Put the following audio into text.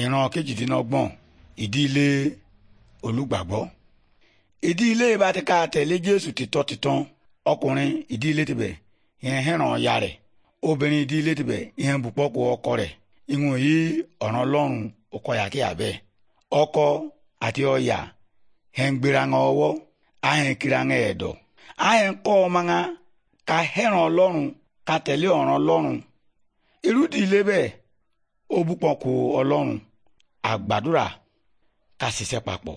ìran kejìdínlọ́gbọ̀n ìdílé olùgbàgbọ́ ìdílé bá ti ká tẹ̀lé jésù títọ́ títán ọkùnrin ìdílé tibẹ̀ ìyẹn hẹ̀ràn ya rẹ̀ obìnrin ìdílé tibẹ̀ ìyẹn bùpọ̀kọ ọkọ rẹ̀ ìwọ̀n yìí ọ̀ràn ọlọ́run ọkọyàkí àbẹ́ ọkọ àti ọyà hẹn gbéra ŋa ọwọ́ ahẹn kira ŋa ẹ̀dọ̀ ahẹn kọ́ ọma ŋa hẹ̀ràn ọlọ́run ka tẹ̀lé ọ̀ràn ọlọ́run irú ìdílé bẹ́ẹ̀ ó búpọ̀ ku ọlọ́run àgbàdúrà ká ṣiṣẹ́ papọ̀.